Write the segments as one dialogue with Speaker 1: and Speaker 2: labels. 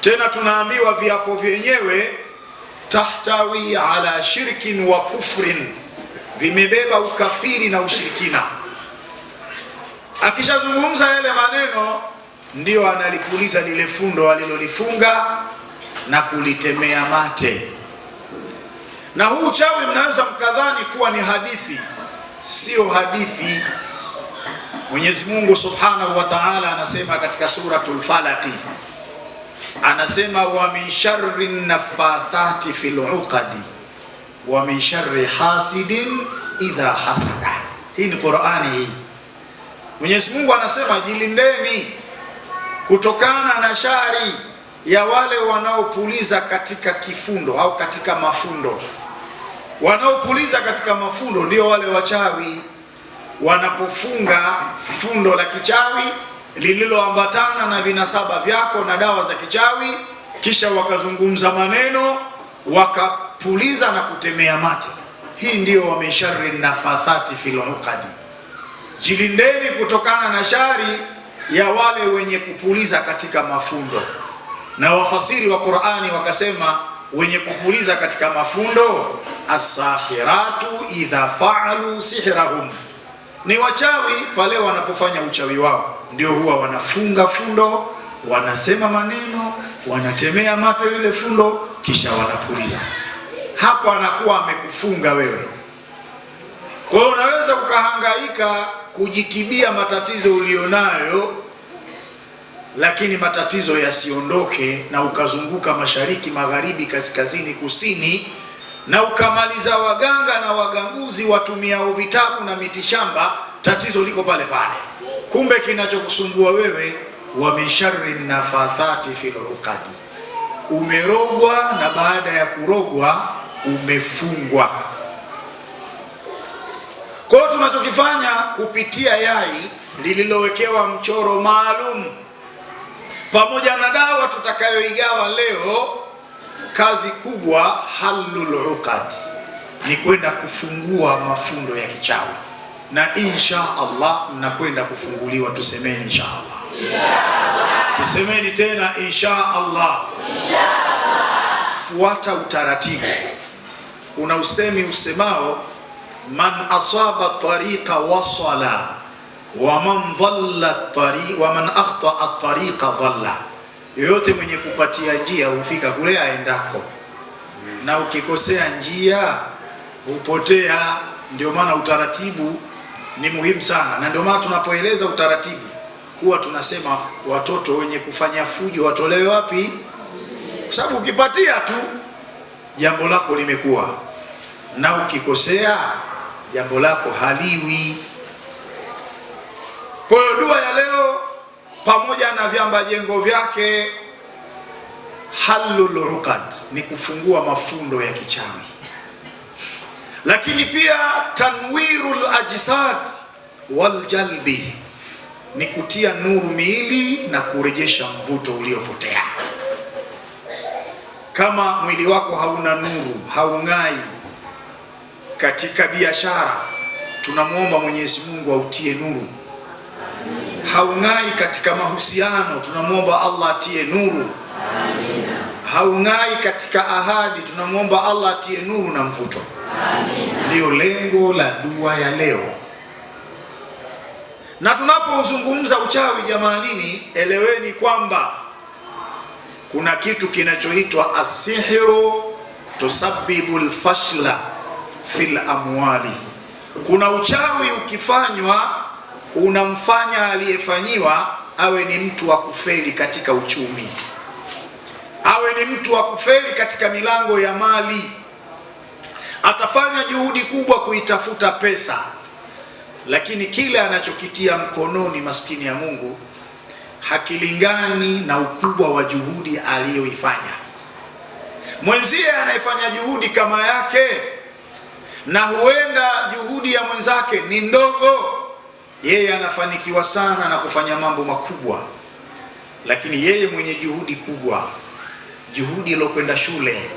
Speaker 1: Tena tunaambiwa viapo vyenyewe tahtawi ala shirkin wa kufrin, vimebeba ukafiri na ushirikina. Akishazungumza yale maneno, ndiyo analipuliza lile fundo alilolifunga na kulitemea mate. Na huu uchawi mnaanza mkadhani kuwa ni hadithi, sio hadithi. Mwenyezi Mungu Subhanahu wa Ta'ala anasema katika Suratul Falaq anasema wa min sharri nafathati fil uqadi wa min sharri hasidin idha hasada. Hii ni Qur'ani hii. Mwenyezi Mungu anasema jilindeni kutokana na shari ya wale wanaopuliza katika kifundo au katika mafundo. Wanaopuliza katika mafundo ndio wale wachawi, wanapofunga fundo la kichawi lililoambatana na vinasaba vyako na dawa za kichawi, kisha wakazungumza maneno, wakapuliza na kutemea mate. Hii ndiyo wameshari nafathati fil uqadi, jilindeni kutokana na shari ya wale wenye kupuliza katika mafundo. Na wafasiri wa Qur'ani wakasema wenye kupuliza katika mafundo, asahiratu idha faalu sihrahum, ni wachawi pale wanapofanya uchawi wao ndio huwa wanafunga fundo, wanasema maneno, wanatemea mate lile fundo, kisha wanapuliza. Hapo anakuwa amekufunga wewe. Kwa hiyo unaweza ukahangaika kujitibia matatizo ulionayo, lakini matatizo yasiondoke, na ukazunguka mashariki, magharibi, kaskazini, kusini, na ukamaliza waganga na waganguzi watumiao vitabu na mitishamba, tatizo liko pale pale. Kumbe kinachokusumbua wewe, wa misharri nafathati fil uqadi, umerogwa na baada ya kurogwa umefungwa. Kwa hiyo tunachokifanya kupitia yai lililowekewa mchoro maalum pamoja na dawa tutakayoigawa leo, kazi kubwa halul uqadi ni kwenda kufungua mafundo ya kichawi na insha Allah mnakwenda kufunguliwa. Tusemeni insha Allah, tusemeni tena insha Allah. Fuata utaratibu. Kuna usemi usemao man asaba tariqa wasala wa man dhalla tariqa wa man akhtaa tariqa dhalla, yoyote mwenye kupatia njia hufika kule aendako, na ukikosea njia hupotea. Ndio maana utaratibu ni muhimu sana, na ndio maana tunapoeleza utaratibu huwa tunasema watoto wenye kufanya fujo watolewe wapi, kwa sababu ukipatia tu jambo lako limekuwa, na ukikosea jambo lako haliwi. Kwa hiyo dua ya leo pamoja na vyamba jengo vyake halul ni kufungua mafundo ya kichawi lakini pia tanwiru ajsad wal jalbi ni kutia nuru miili na kurejesha mvuto uliopotea. Kama mwili wako hauna nuru, haung'ai katika biashara, tunamwomba Mwenyezi Mungu autie nuru. Haung'ai katika mahusiano, tunamwomba Allah atie nuru. Haung'ai katika ahadi, tunamwomba Allah atie nuru na mvuto. Ndiyo lengo la dua ya leo. Na tunapozungumza uchawi, jamanini, eleweni kwamba kuna kitu kinachoitwa asihiru tusabibu lfashla fil amwali. Kuna uchawi ukifanywa unamfanya aliyefanyiwa awe ni mtu wa kufeli katika uchumi, awe ni mtu wa kufeli katika milango ya mali atafanya juhudi kubwa kuitafuta pesa, lakini kile anachokitia mkononi, maskini ya Mungu, hakilingani na ukubwa wa juhudi aliyoifanya. Mwenzie anayefanya juhudi kama yake, na huenda juhudi ya mwenzake ni ndogo, yeye anafanikiwa sana na kufanya mambo makubwa, lakini yeye mwenye juhudi kubwa, juhudi ilokwenda shule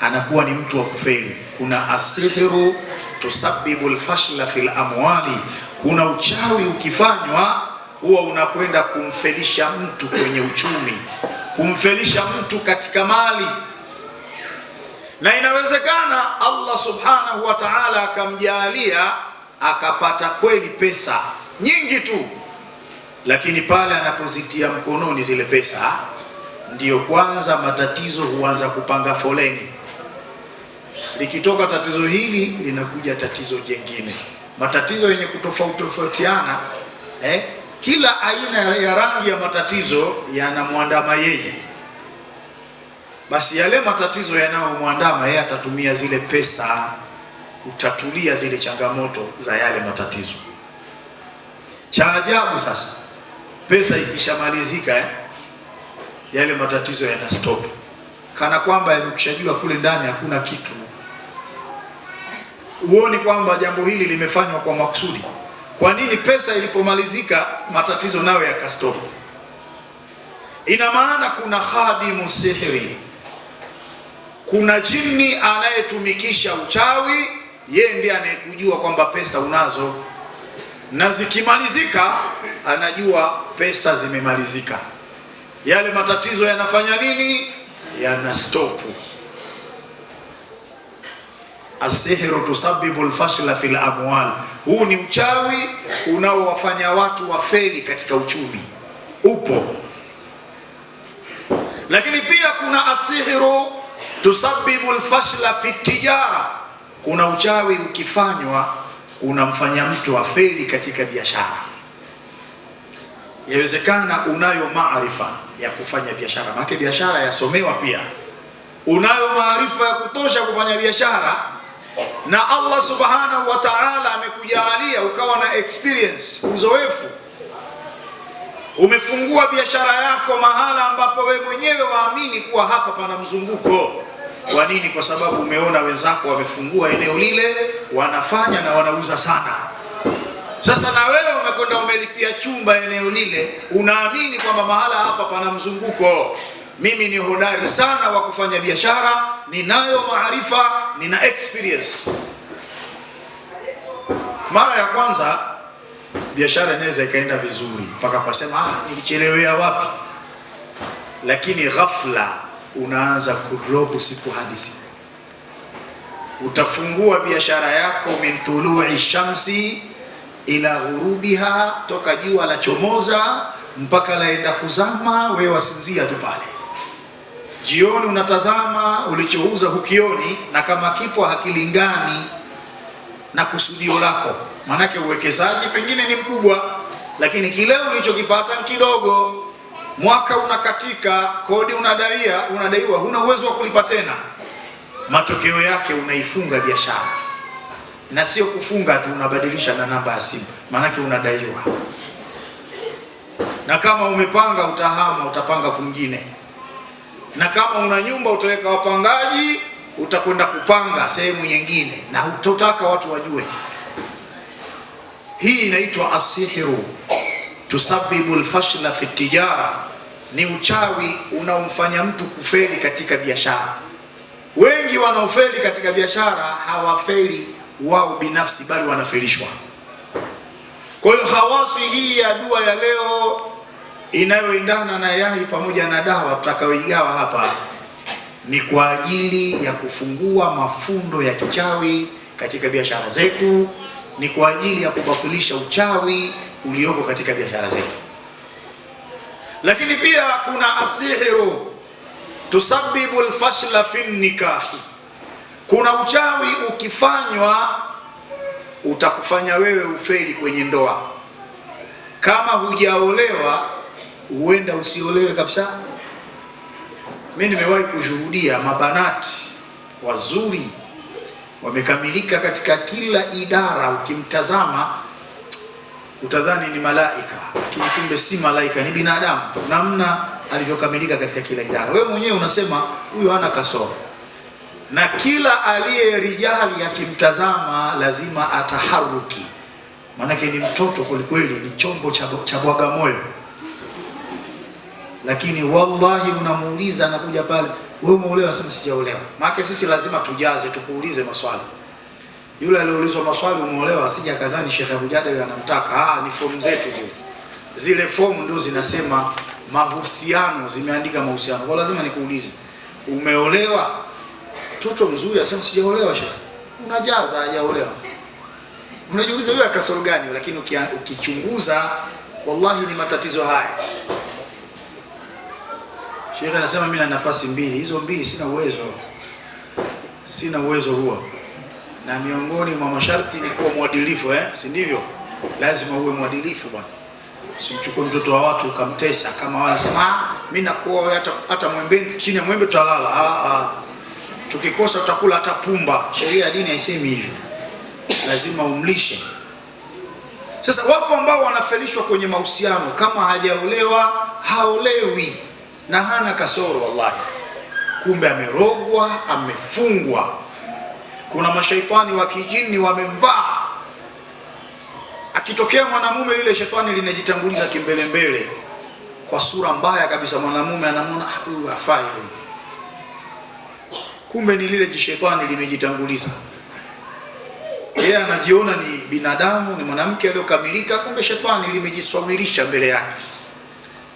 Speaker 1: anakuwa ni mtu wa kufeli. Kuna asihiru tusabibu lfashla fil amwali, kuna uchawi ukifanywa huwa unakwenda kumfelisha mtu kwenye uchumi, kumfelisha mtu katika mali, na inawezekana Allah subhanahu wa ta'ala akamjaalia akapata kweli pesa nyingi tu, lakini pale anapozitia mkononi zile pesa, ndiyo kwanza matatizo huanza kupanga foleni. Likitoka tatizo hili linakuja tatizo jengine, matatizo yenye kutofauti tofautiana eh? Kila aina ya rangi ya matatizo yanamwandama yeye, basi yale matatizo yanayomwandama yeye atatumia zile pesa kutatulia zile changamoto za yale matatizo. Cha ajabu sasa, pesa ikishamalizika eh? yale matatizo yanastop, kana kwamba yamekushajua kule ndani hakuna kitu huoni kwamba jambo hili limefanywa kwa makusudi? Kwa nini pesa ilipomalizika matatizo nayo yakastopu? Ina maana kuna khadimu musihiri kuna jini anayetumikisha uchawi, yeye ndiye anayekujua kwamba pesa unazo, na zikimalizika anajua pesa zimemalizika. Yale matatizo yanafanya nini? Yanastopu. Asihiru tusabibu lfashla fil amwal, huu ni uchawi unaowafanya watu wafeli katika uchumi, upo. Lakini pia kuna asihiru tusabibu lfashla fi tijara, kuna uchawi ukifanywa unamfanya mtu afeli katika biashara. Yawezekana unayo maarifa ya kufanya biashara, maana biashara yasomewa, pia unayo maarifa ya kutosha kufanya biashara na Allah subhanahu wa ta'ala amekujalia ukawa na experience, uzoefu, umefungua biashara yako mahala ambapo we mwenyewe waamini kuwa hapa pana mzunguko. Kwa nini? Kwa sababu umeona wenzako wamefungua eneo lile, wanafanya na wanauza sana. Sasa na wewe unakwenda umelipia chumba eneo lile, unaamini kwamba mahala hapa pana mzunguko. Mimi ni hodari sana wa kufanya biashara, ninayo maarifa nina experience. Mara ya kwanza biashara inaweza ikaenda vizuri mpaka kwasema ah, nilichelewea wapi, lakini ghafla unaanza kudrop siku hadi siku. Utafungua biashara yako min tului shamsi ila ghurubiha, toka jua la chomoza mpaka laenda kuzama, wewe wasinzia tu pale Jioni unatazama ulichouza hukioni, na kama kipo hakilingani na kusudio lako, maanake uwekezaji pengine ni mkubwa, lakini kile ulichokipata ni kidogo. Mwaka unakatika, kodi unadaiwa, unadaiwa, huna uwezo wa kulipa tena. Matokeo yake unaifunga biashara, na sio kufunga tu, unabadilisha na namba ya simu, maanake unadaiwa. Na kama umepanga utahama, utapanga kwingine na kama una nyumba utaweka wapangaji, utakwenda kupanga sehemu nyingine na utotaka watu wajue. Hii inaitwa asihiru tusabibu lfashla fi tijara, ni uchawi unaomfanya mtu kufeli katika biashara. Wengi wanaofeli katika biashara hawafeli wao binafsi, bali wanafelishwa. Kwa hiyo hawasi hii ya dua ya leo inayoendana na yai pamoja na dawa tutakayoigawa hapa ni kwa ajili ya kufungua mafundo ya kichawi katika biashara zetu, ni kwa ajili ya kubatilisha uchawi ulioko katika biashara zetu. Lakini pia kuna asihiru tusabibu alfashla fi nikahi, kuna uchawi ukifanywa utakufanya wewe ufeli kwenye ndoa kama hujaolewa huenda usiolewe kabisa. Mimi nimewahi kushuhudia mabanati wazuri wamekamilika katika kila idara, ukimtazama utadhani ni malaika, lakini kumbe si malaika, ni binadamu tu, namna alivyokamilika katika kila idara. Wewe mwenyewe unasema huyo hana kasoro, na kila aliye rijali akimtazama lazima ataharuki, maanake ni mtoto kwelikweli, ni chombo cha bwaga moyo lakini wallahi unamuuliza anakuja pale, wewe umeolewa? Sema sijaolewa. Maana sisi lazima tujaze, tukuulize maswali. Yule aliulizwa maswali, umeolewa? Asija kadhani Sheikh Abujada yeye anamtaka. Ah, ni fomu zetu zile, zile fomu ndio zinasema mahusiano, zimeandika mahusiano, kwa lazima nikuulize umeolewa. Mtoto mzuri asema sijaolewa, Sheikh, unajaza hajaolewa. Unajiuliza yule akasoro gani? Lakini ukichunguza, wallahi ni matatizo haya. Sheikh anasema mimi na nafasi mbili, hizo mbili sina uwezo, sina uwezo huo, na miongoni mwa masharti ni kuwa mwadilifu eh, si ndivyo? Lazima uwe mwadilifu bwana, simchukue mtoto wa watu ukamtesa. Kama wanasema ah, mimi nakuoa hata hata mwembe chini ya mwembe tutalala. Ah, ah, tukikosa tutakula hata pumba. Sheria ya dini haisemi hivyo, lazima umlishe. Sasa wapo ambao wanafelishwa kwenye mahusiano, kama hajaolewa haolewi na hana kasoro wallahi, kumbe amerogwa, amefungwa. Kuna mashaitani wa kijini wamemvaa. Akitokea mwanamume, lile shetani linajitanguliza kimbelembele kwa sura mbaya kabisa. Mwanamume anamwona ah, huyu huyu kumbe ni lile jishetani limejitanguliza yeye anajiona ni binadamu, ni mwanamke aliyokamilika, kumbe shetani limejiswawirisha mbele yake.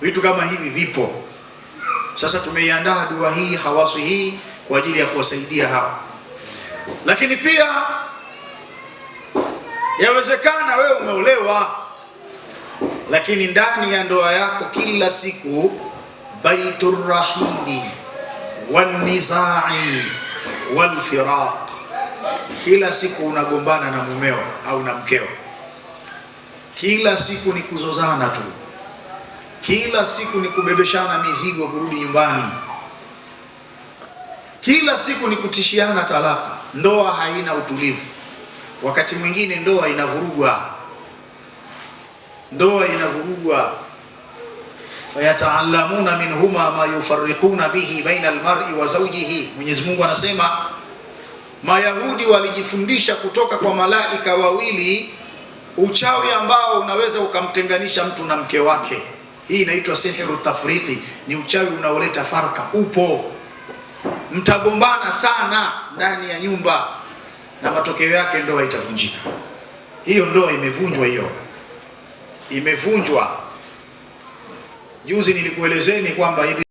Speaker 1: Vitu kama hivi vipo. Sasa tumeiandaa dua hii hawasi hii kwa ajili ya kuwasaidia hawa, lakini pia yawezekana wewe umeolewa, lakini ndani ya ndoa yako kila siku baiturrahimi wanizai walfiraq, kila siku unagombana na mumeo au na mkeo, kila siku ni kuzozana tu. Kila siku ni kubebeshana mizigo kurudi nyumbani, kila siku ni kutishiana talaka. Ndoa haina utulivu. Wakati mwingine ndoa inavurugwa, ndoa inavurugwa. Fayataallamuna minhuma ma yufarriquna bihi baina almar'i wa zawjihi. Mwenyezi Mungu anasema Mayahudi walijifundisha kutoka kwa malaika wawili uchawi ambao unaweza ukamtenganisha mtu na mke wake. Hii inaitwa sihiru tafriqi, ni uchawi unaoleta farka. Upo, mtagombana sana ndani ya nyumba na matokeo yake ndoa itavunjika. Hiyo ndoa imevunjwa, hiyo imevunjwa. Juzi nilikuelezeni kwamba